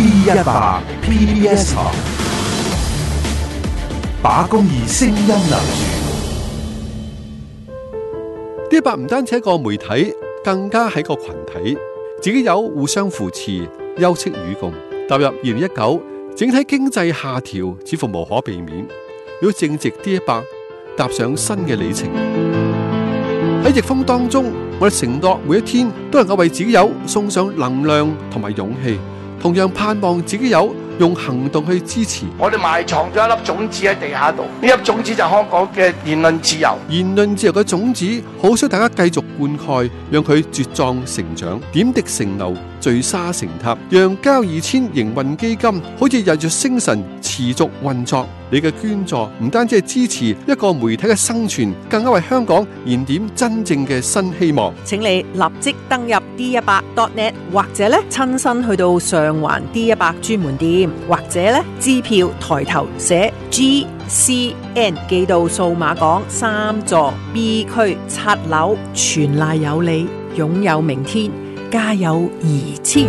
D 一百 PBS 把公義聲音留住。D 一百唔單止係一個媒體，更加係個群體，自己友互相扶持，休戚與共。踏入二零一九，整體經濟下調似乎無可避免。如果正值 D 一百踏上新嘅里程，喺逆風當中，我哋承諾，每一天都能夠為自己友送上能量同埋勇氣。同樣盼望自己有。用行動去支持，我哋埋藏咗一粒種子喺地下度。呢粒種子就係香港嘅言論自由。言論自由嘅種子，好想大家繼續灌溉，讓佢茁壯成長，點滴成流，聚沙成塔，讓交二千營運基金好似日月星辰持續運作。你嘅捐助唔單止係支持一個媒體嘅生存，更加為香港燃點真正嘅新希望。請你立即登入 D100.net，或者咧親身去到上環 D100 專門店。或者呢，支票抬頭寫 G C N，寄到數碼港三座 B 區七樓。全賴有你，擁有明天，加油而！二千，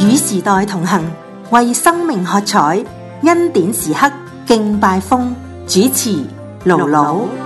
與時代同行，為生命喝彩，恩典時刻，敬拜風，主持盧盧。勞勞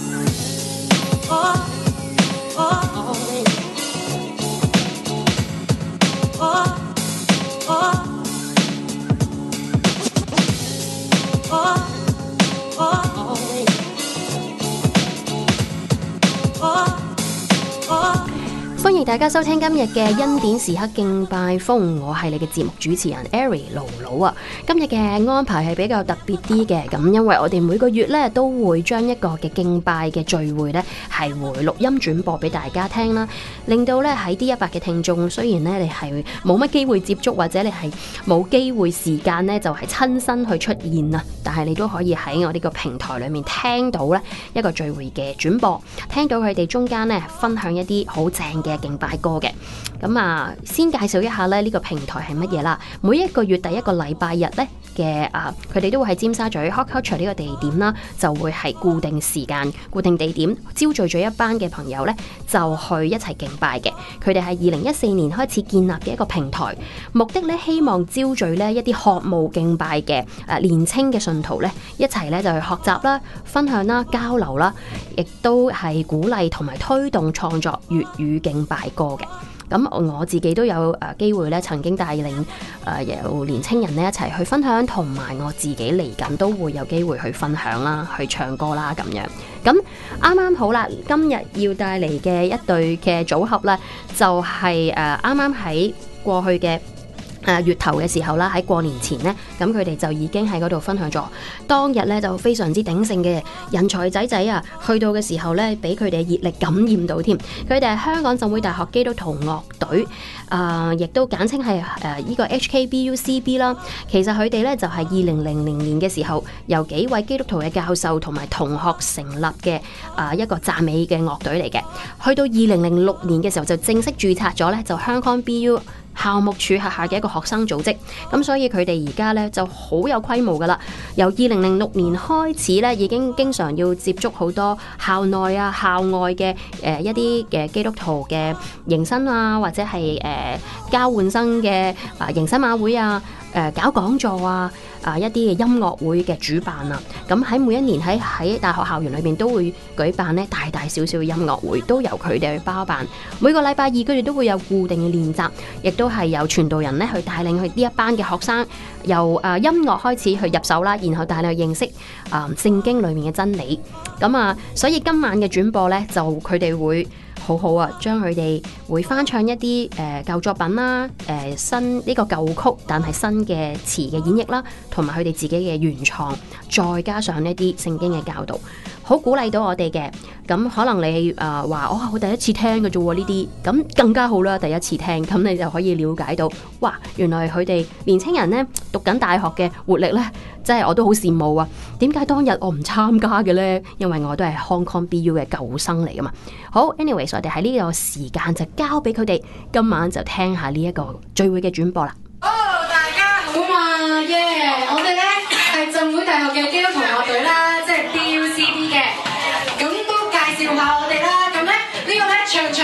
大家收聽今日嘅恩典時刻敬拜風，我係你嘅節目主持人 Eric 勞勞啊。今日嘅安排係比較特別啲嘅，咁因為我哋每個月咧都會將一個嘅敬拜嘅聚會咧係會錄音轉播俾大家聽啦，令到咧喺 D 一百嘅聽眾雖然咧你係冇乜機會接觸或者你係冇機會時間咧就係、是、親身去出現啊，但係你都可以喺我呢個平台裏面聽到咧一個聚會嘅轉播，聽到佢哋中間咧分享一啲好正嘅大哥嘅。咁啊，先介紹一下咧，呢、這個平台係乜嘢啦？每一個月第一個禮拜日咧嘅啊，佢哋都會喺尖沙咀 h Culture 呢個地點啦，就會係固定時間、固定地點招聚咗一班嘅朋友咧，就去一齊敬拜嘅。佢哋係二零一四年開始建立嘅一個平台，目的咧，希望招聚呢一啲學務敬拜嘅誒、啊、年青嘅信徒咧，一齊咧就去學習啦、分享啦、交流啦，亦都係鼓勵同埋推動創作粵語敬拜歌嘅。咁我自己都有誒機會咧，曾經帶領誒有、呃、年青人咧一齊去分享，同埋我自己嚟緊都會有機會去分享啦，去唱歌啦咁樣。咁啱啱好啦，今日要帶嚟嘅一對嘅組合咧，就係誒啱啱喺過去嘅。誒月頭嘅時候啦，喺過年前呢，咁佢哋就已經喺嗰度分享咗當日呢，就非常之鼎盛嘅人才仔仔啊！去到嘅時候呢，俾佢哋熱力感染到添。佢哋係香港浸會大學基督徒樂隊，誒、呃、亦都簡稱係誒依個 HKBUCB 啦。其實佢哋呢，就係二零零零年嘅時候，由幾位基督徒嘅教授同埋同學成立嘅誒、呃、一個讚美嘅樂隊嚟嘅。去到二零零六年嘅時候，就正式註冊咗呢，就香港 BU。校務處轄下嘅一個學生組織，咁所以佢哋而家呢就好有規模㗎喇。由二零零六年開始呢，已經經常要接觸好多校內啊、校外嘅誒、呃、一啲嘅基督徒嘅迎新啊，或者係誒、呃、交換生嘅啊迎新晚會啊，誒、呃、搞講座啊。啊！一啲嘅音樂會嘅主辦啊，咁喺每一年喺喺大學校園裏面都會舉辦呢大大小小嘅音樂會，都由佢哋去包辦。每個禮拜二，佢哋都會有固定嘅練習，亦都係由傳道人咧去帶領佢呢一班嘅學生，由啊音樂開始去入手啦，然後帶領去認識啊聖經裏面嘅真理。咁啊，所以今晚嘅轉播呢，就佢哋會。好好啊！將佢哋會翻唱一啲誒、呃、舊作品啦，誒、呃、新呢、呢個舊曲，但係新嘅詞嘅演繹啦，同埋佢哋自己嘅原創，再加上一啲聖經嘅教導。好鼓勵到我哋嘅，咁可能你啊話，我、呃哦、我第一次聽嘅啫喎呢啲，咁更加好啦，第一次聽，咁你就可以了解到，哇，原來佢哋年輕人呢讀緊大學嘅活力呢，真係我都好羨慕啊！點解當日我唔參加嘅呢？因為我都係 Hong Kong BU 嘅舊生嚟噶嘛。好，anyways，我哋喺呢個時間就交俾佢哋，今晚就聽下呢一個聚會嘅轉播啦。好、oh，大家好嘛耶，yeah, 我哋呢係浸會大學嘅基督徒樂隊啦，即係。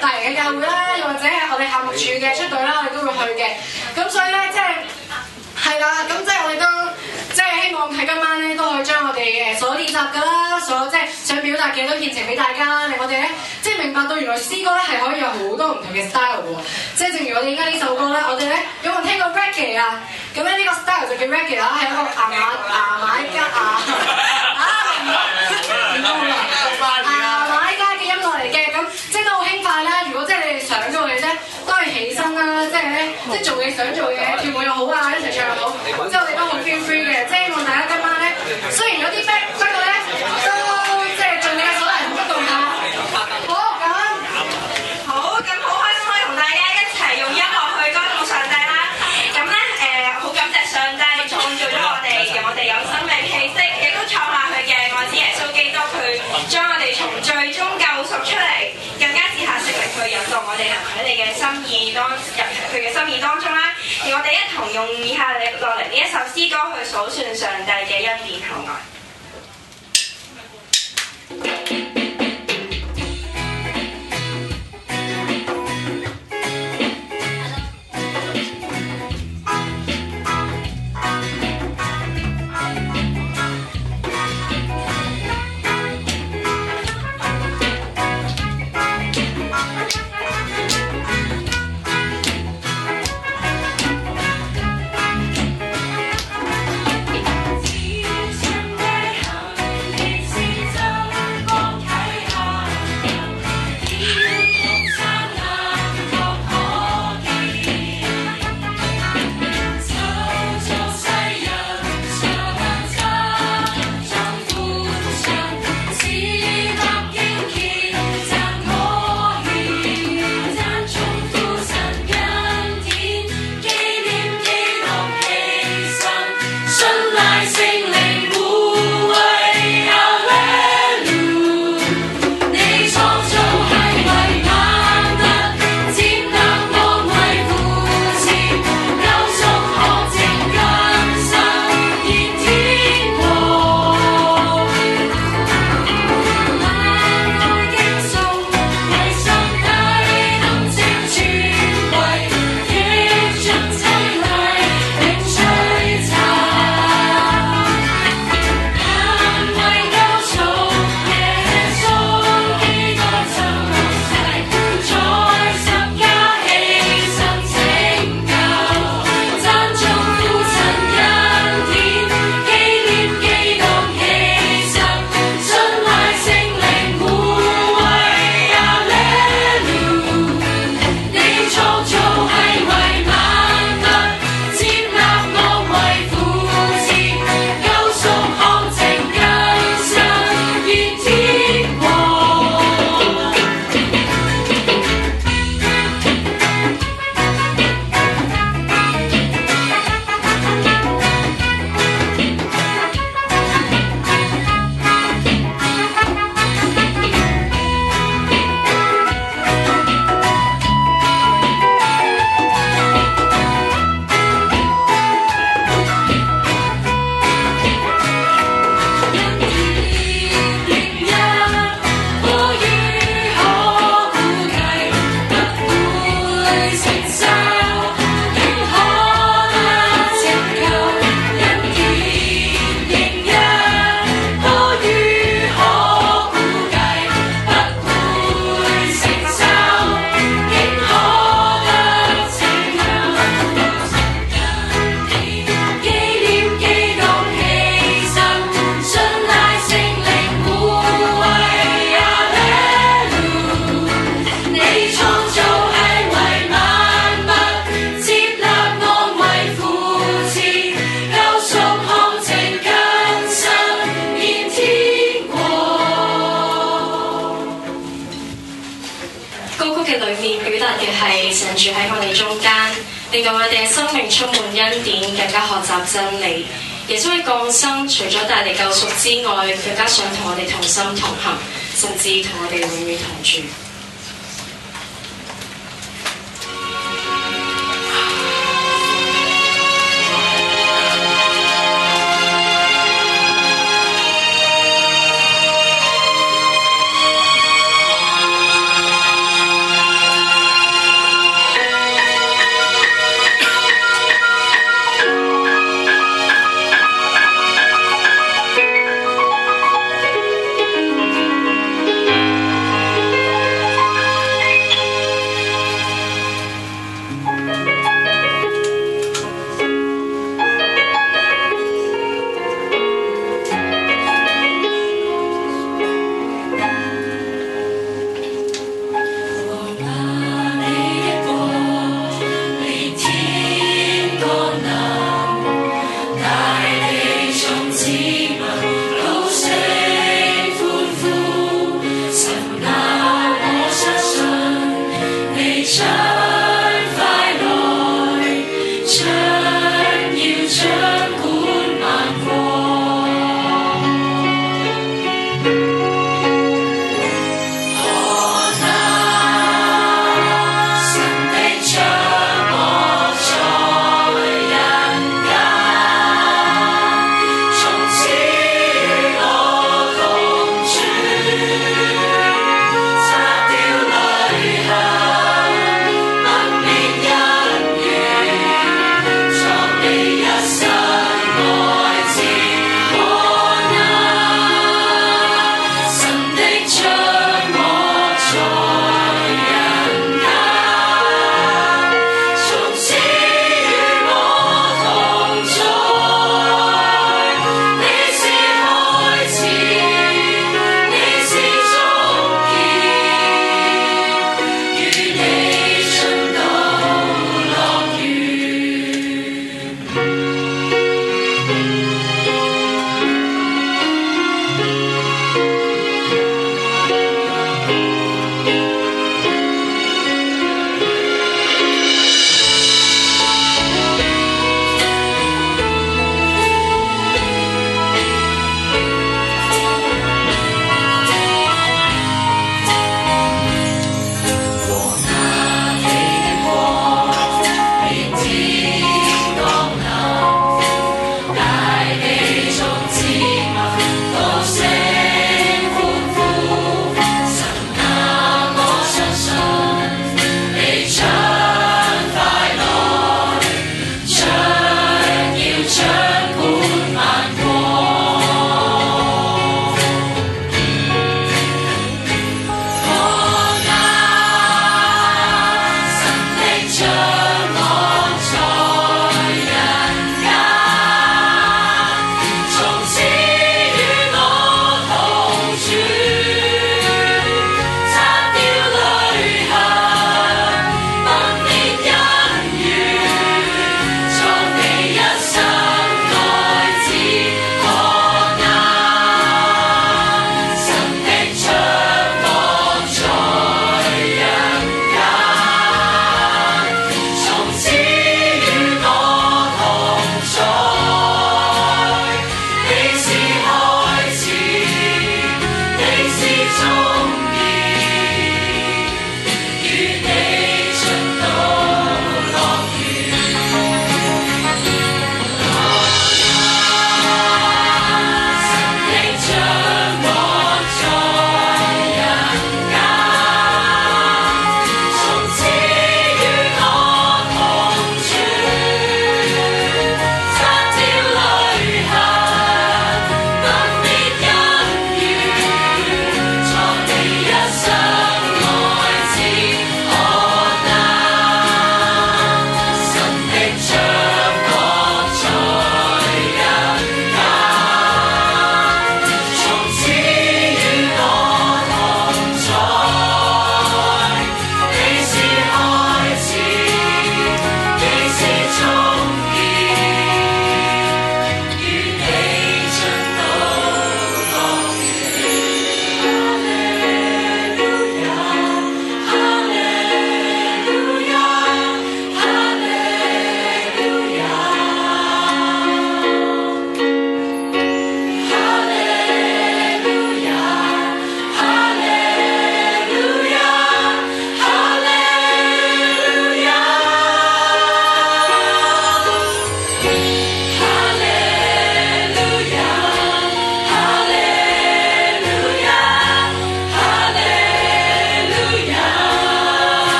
大型嘅教會啦，又或者係我哋校務處嘅出隊啦，我哋都會去嘅。咁所以咧，即係係啦，咁即係我哋都即係希望喺今晚咧都可以將我哋嘅所有練習嘅啦，所有即係想表達嘅都獻呈俾大家。令我哋咧即係明白到原來詩歌咧係可以有好多唔同嘅 style 喎。即係正如我哋而家呢首歌咧，我哋咧有冇聽過 reggae 啊？咁咧呢個 style 就叫 reggae 啦，係一個牙買牙買加啊！即係做嘢想做嘢，跳舞又好啊，一齊唱又好。即係我哋幫個 feel free 嘅，即希望大家今晚咧，雖然有啲逼，a c k 不過咧都即係盡力所能去做到啦。好咁，好咁，好開心可以同大家一齊用音樂去歌頌上帝啦。咁咧誒，好、呃、感謝上帝創造咗我哋，讓、嗯、我哋有生命氣息，亦都創下佢嘅愛子耶穌基督，佢將我哋從最終救贖出嚟，更加試下，説明佢引導我哋同佢哋嘅心意當，當中啦，而我哋一同用以下嚟落嚟呢一首詩歌去數算上帝嘅恩典厚愛。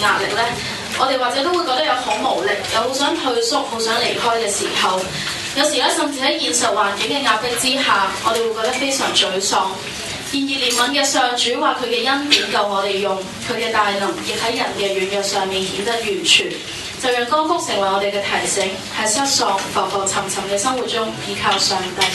壓力咧，我哋或者都會覺得有好無力，又好想退縮，好想離開嘅時候，有時咧甚至喺現實環境嘅壓迫之下，我哋會覺得非常沮喪。然而憐憫嘅上主話：佢嘅恩典夠我哋用，佢嘅大能亦喺人嘅軟弱上面顯得完全。就讓光復成為我哋嘅提醒，喺失喪、浮浮沉沉嘅生活中，依靠上帝。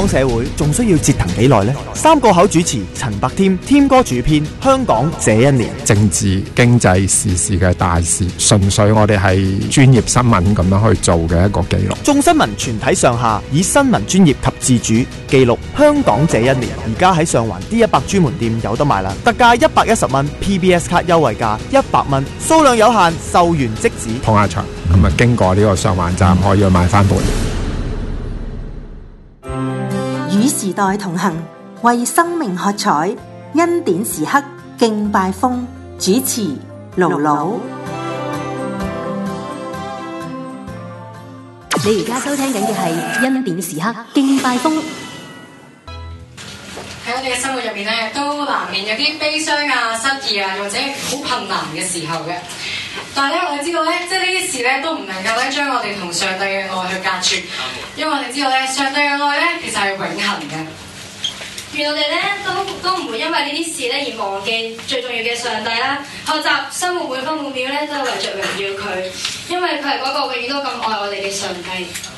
香港社會仲需要折騰幾耐呢？三個口主持陳百添，添哥主編《香港這一年》，政治經濟時事嘅大事，純粹我哋係專業新聞咁樣去做嘅一個記錄。眾新聞全體上下以新聞專業及自主記錄香港這一年。而家喺上環 D100 專門店有得賣啦，特價一百一十蚊，PBS 卡優惠價一百蚊，數量有限，售完即止。捧下場，咁啊、嗯、經過呢個上環站可以去買翻本。嗯時代同行，為生命喝彩，恩典時刻敬拜風。主持盧盧，你而家收聽緊嘅係恩典時刻敬拜風。喺我哋嘅生活入面咧，都難免有啲悲傷啊、失意啊，或者好困難嘅時候嘅。但係咧，我哋知道咧，即係呢啲事咧都唔能夠咧將我哋同上帝嘅愛去隔絕，因為我哋知道咧，上帝嘅愛咧其實係永恆嘅，原來我哋咧都都唔會因為呢啲事咧而忘記最重要嘅上帝啦，學習生活每分每秒咧都係為着榮耀佢，因為佢係嗰個永遠都咁愛我哋嘅上帝。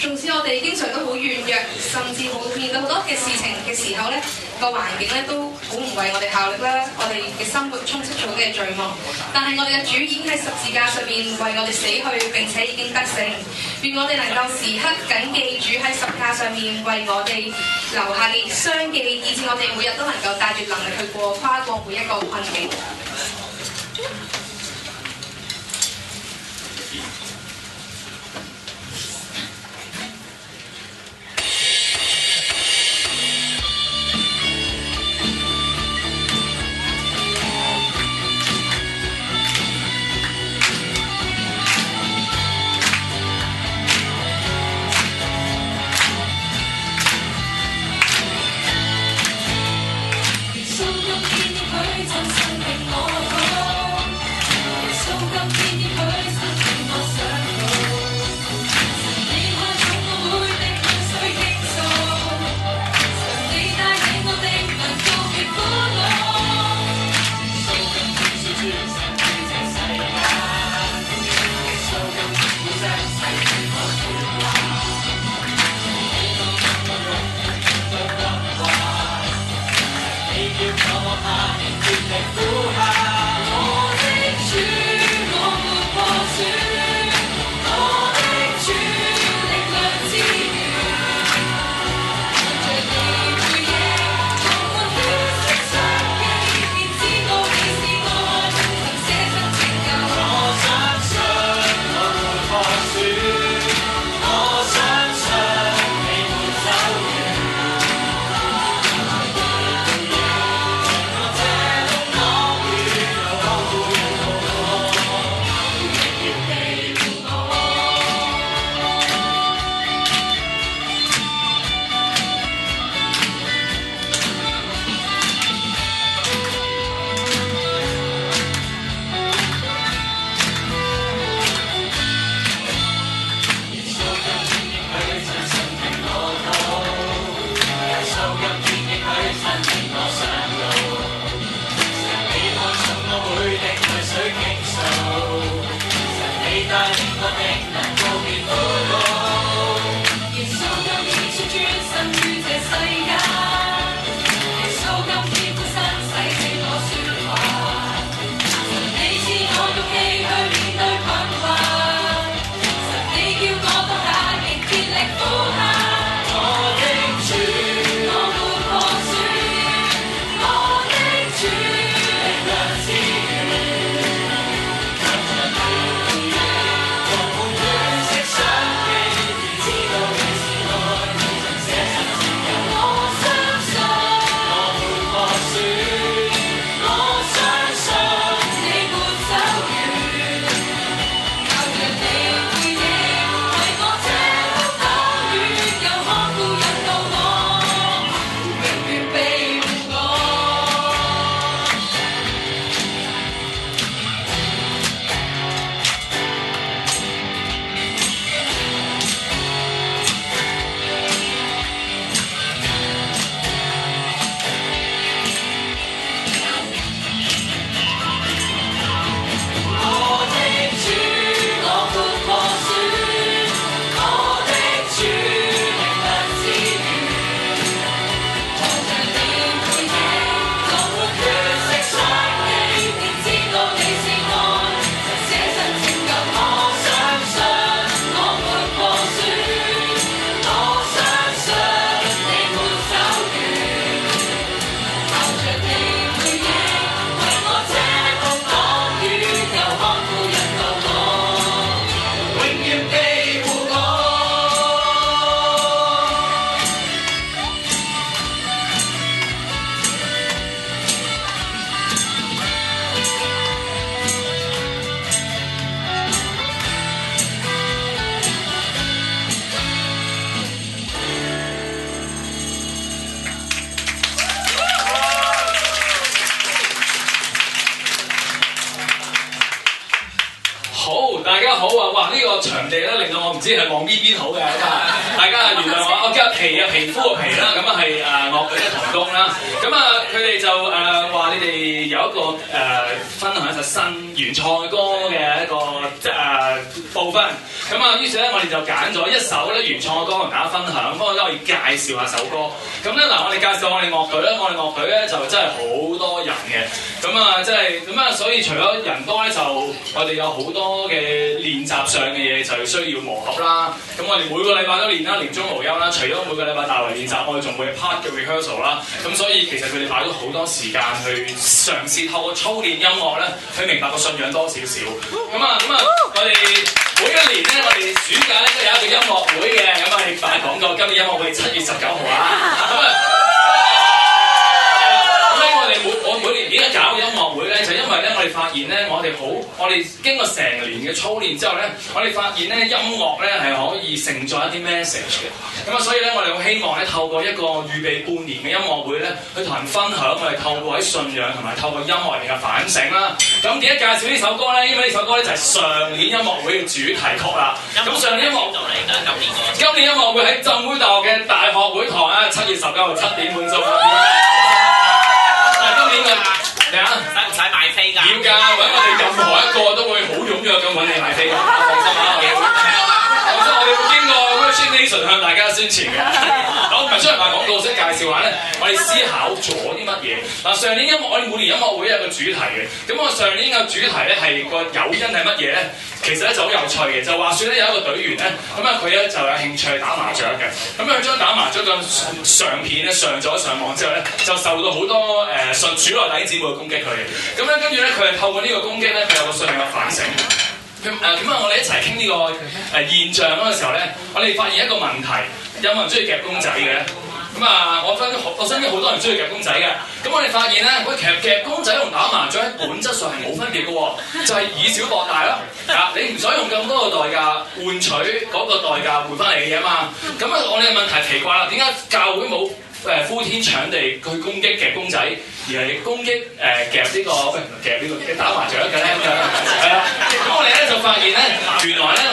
縱使我哋經常都好軟弱，甚至冇面對好多嘅事情嘅時候，呢個環境呢都好唔為我哋效力啦，我哋嘅生活充斥咗嘅罪惡。但係我哋嘅主已經喺十字架上面為我哋死去，並且已經得勝。願我哋能夠時刻緊記主喺十字架上面為我哋留下嘅傷記，以致我哋每日都能夠帶住能力去過跨過每一個困境。我哋有好多嘅練習上嘅嘢，就需要磨合啦。咁我哋每個禮拜都練啦，年中無休啦。除咗每個禮拜大圍練習，我哋仲會 part 做 rehearsal 啦。咁所以其實佢哋擺咗好多時間去嘗試透過操練音樂咧，去明白個信仰多少少。咁啊，咁啊，我哋每一年咧，我哋暑假咧都有一個音樂會嘅。咁啊，大講過今年音樂會七月十九號啊。咁啊，咁啊，我哋每我每年點解搞音樂。就因為咧，我哋發現咧，我哋好，我哋經過成年嘅操練之後咧，我哋發現咧，音樂咧係可以承載一啲 message 嘅。咁啊，所以咧，我哋好希望咧，透過一個預備半年嘅音樂會咧，去同人分享，我哋透過喺信仰同埋透過音樂入邊嘅反省啦。咁點解介紹呢首歌咧？因為呢首歌咧就係上年音樂會嘅主題曲啦。咁上年音樂就嚟啦，今年我今年音樂會喺浸會大學嘅大學會堂咧，七月十九號七點半鐘。但 今年嘅。你啊？使唔使買飛㗎？點噶？揾我哋任何一個都會好踴躍咁揾你買飛，放心啊！放心，我哋會好驚。純向大家宣傳嘅，好， 唔係出嚟賣廣告，識介紹下咧。我哋思考咗啲乜嘢？嗱，上年音樂，我哋每年音樂會有個主題嘅。咁我上年嘅主題咧係個誘因係乜嘢咧？其實咧就好有趣嘅，就話説咧有一個隊員咧，咁啊佢咧就有興趣打麻雀嘅。咁咧佢將打麻雀嘅相片咧上咗上網之後咧，就受到好多誒信、呃、主內弟姊妹攻擊佢。咁咧跟住咧佢係透過呢個攻擊咧，佢有個信嘅反省。誒點解我哋一齊傾呢個誒、呃、現象嗰個時候咧，我哋發現一個問題，有冇人中意夾公仔嘅？咁、嗯、啊，我分我身邊好多人中意夾公仔嘅。咁、嗯、我哋發現咧，嗰個夾夾公仔同打麻雀喺本質上係冇分別嘅，就係、是、以小博大咯。啊、嗯，你唔想用咁多嘅代價換取嗰個代價換翻嚟嘅嘢啊嘛？咁、嗯、啊、嗯，我哋嘅問題奇怪啦，點解教會冇？誒呼天搶地去攻擊夾公仔，而係攻擊誒夾呢個夾呢個打麻雀㗎咧，係啦。咁我哋咧就發現咧，原來咧。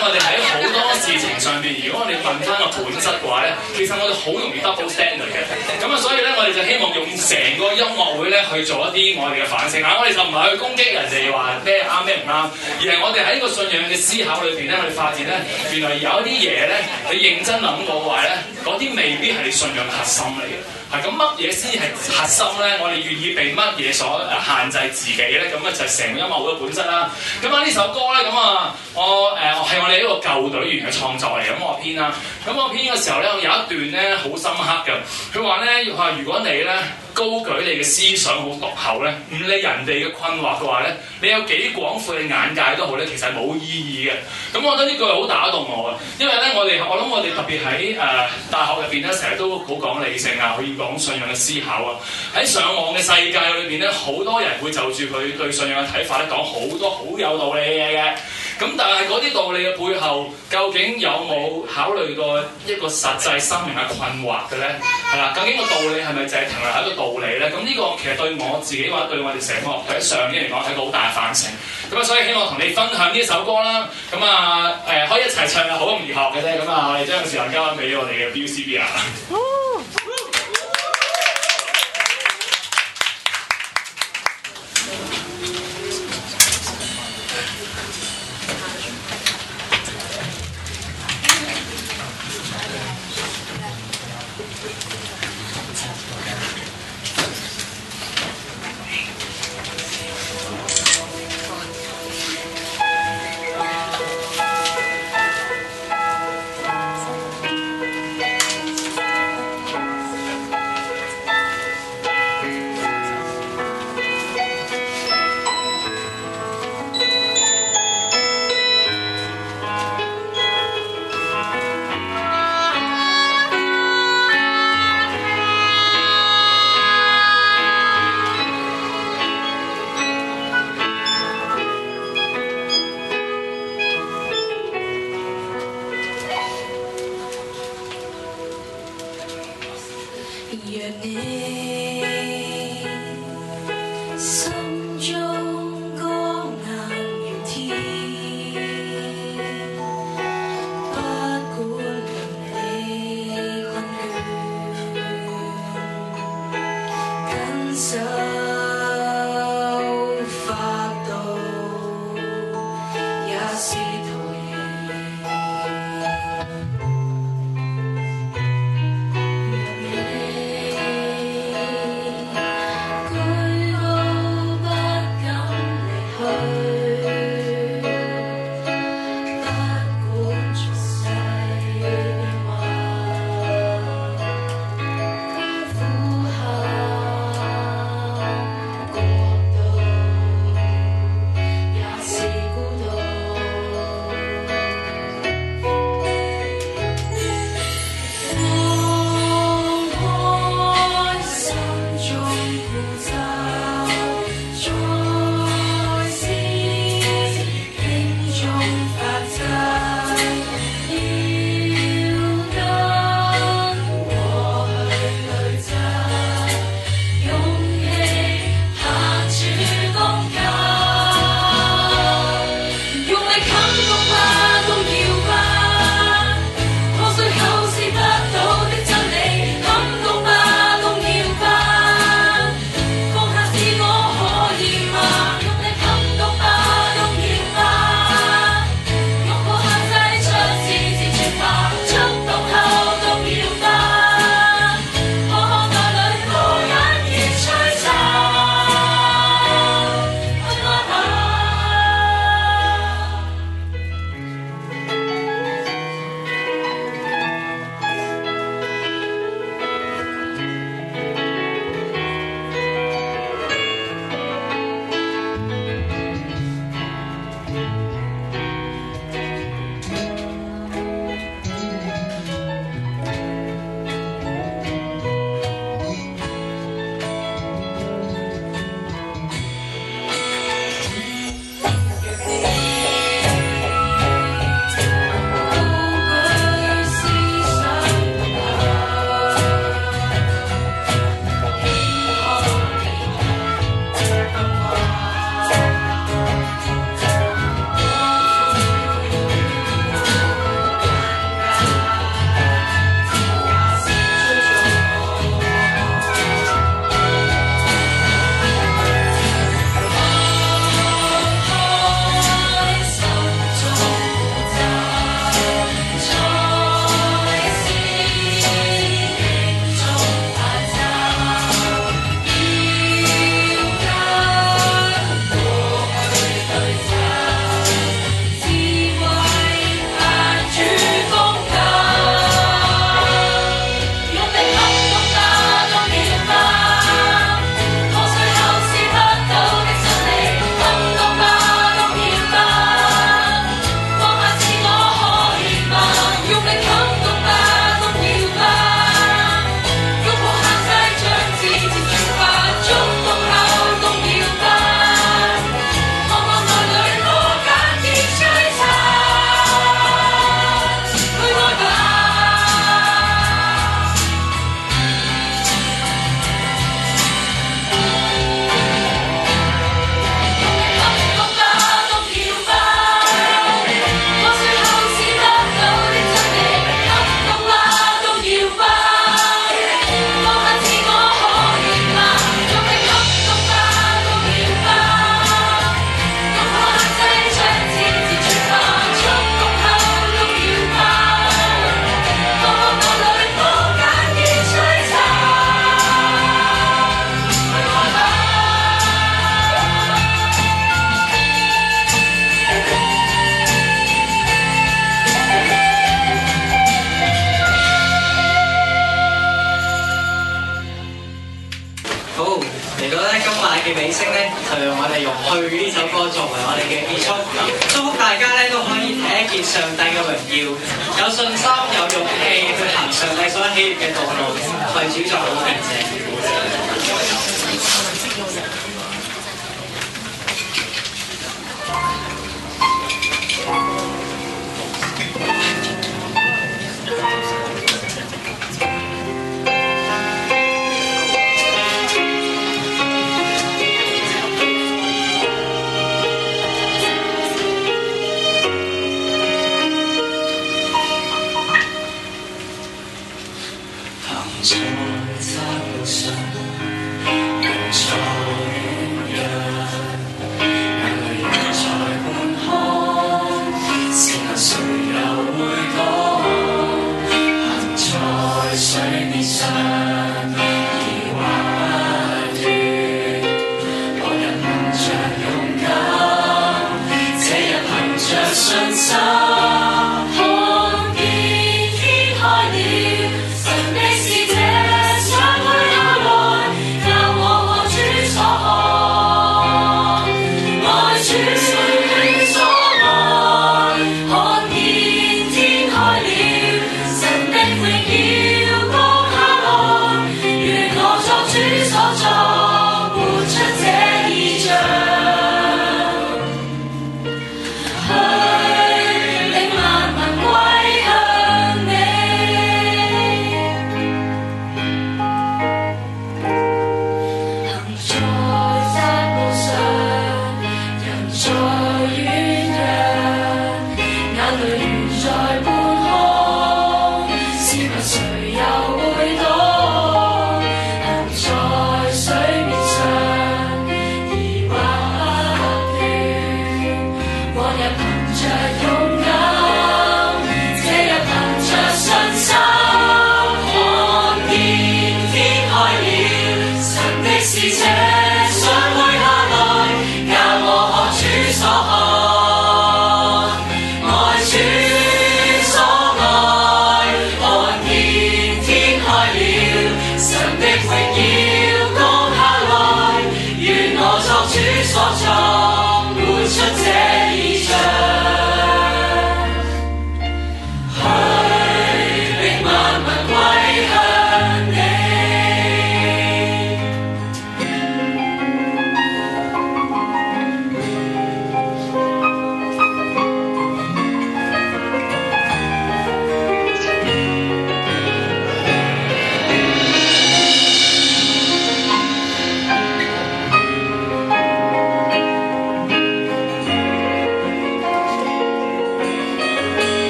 其實我哋好容易得到 u b s t a n d 嘅，咁啊，所以咧我哋就希望用成個音樂會咧去做一啲我哋嘅反省啊！我哋就唔係去攻擊人哋話咩啱咩唔啱，而係我哋喺呢個信仰嘅思考裏邊咧，我哋發現咧，原來有一啲嘢咧，你認真諗過壞咧，嗰啲未必係你信仰嘅核心嚟嘅。係，咁乜嘢先係核心咧？我哋願意被乜嘢所限制自己咧？咁啊就係成個音樂會嘅本質啦。咁啊呢首歌咧，咁啊我誒、係、呃、我哋一個舊隊員嘅創作嚟嘅，咁我編啦。咁我編嘅時候咧，有一段咧好深刻嘅，佢話咧話如果你咧高舉你嘅思想好獨厚咧，唔理人哋嘅困惑嘅話咧，你有幾廣闊嘅眼界都好咧，其實冇意義嘅。咁、嗯、我覺得呢句好打動我，因為咧我哋我諗我哋特別喺誒大學入邊咧，成日都好講理性啊，好講信仰嘅思考啊。喺上網嘅世界裏邊咧，好多人會就住佢對信仰嘅睇法咧，講好多好有道理嘅嘢嘅。咁但係嗰啲道理嘅背後，究竟有冇考慮過一個實際生命嘅困惑嘅咧？係啦，究竟個道理係咪淨係停留喺個道理咧？咁呢個其實對我自己話，或者對我哋成個學上嘅嚟講係個好大反省。咁啊，所以希望同你分享呢一首歌啦。咁啊，誒、呃、可以一齊唱啊，好容易學嘅啫。咁啊，我哋將個時間交翻俾我哋嘅 B C B R。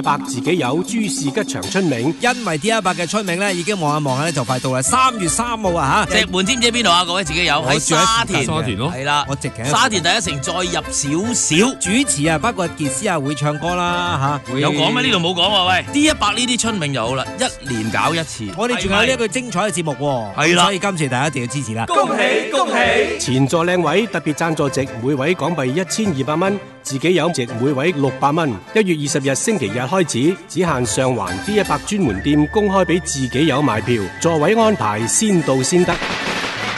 一百自己有，諸事吉祥春名。因為 D100 嘅春名咧，已經望一望咧就快到啦。三月三號啊嚇，石門知唔知邊度啊？各位自己有喺沙田沙田嘅，係啦，我直行沙田第一城再入少少。主持啊，不過杰斯啊會唱歌啦嚇，有講咩？呢度冇講喎喂。D100 呢啲春名就好啦，一年搞一次。我哋仲有呢一句精彩嘅節目喎，係啦。所以今次大家一定要支持啦。恭喜恭喜！前座靚位特別贊助值每位港幣一千二百蚊，自己有值每位六百蚊。一月二十日星期日。開始只限上環 D 一百專門店公開俾自己友買票，座位安排先到先得，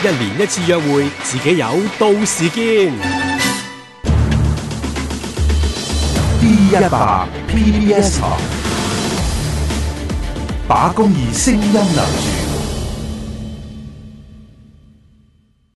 一年一次約會，自己友到時見。D 一百 PBS R，把公義聲音留住。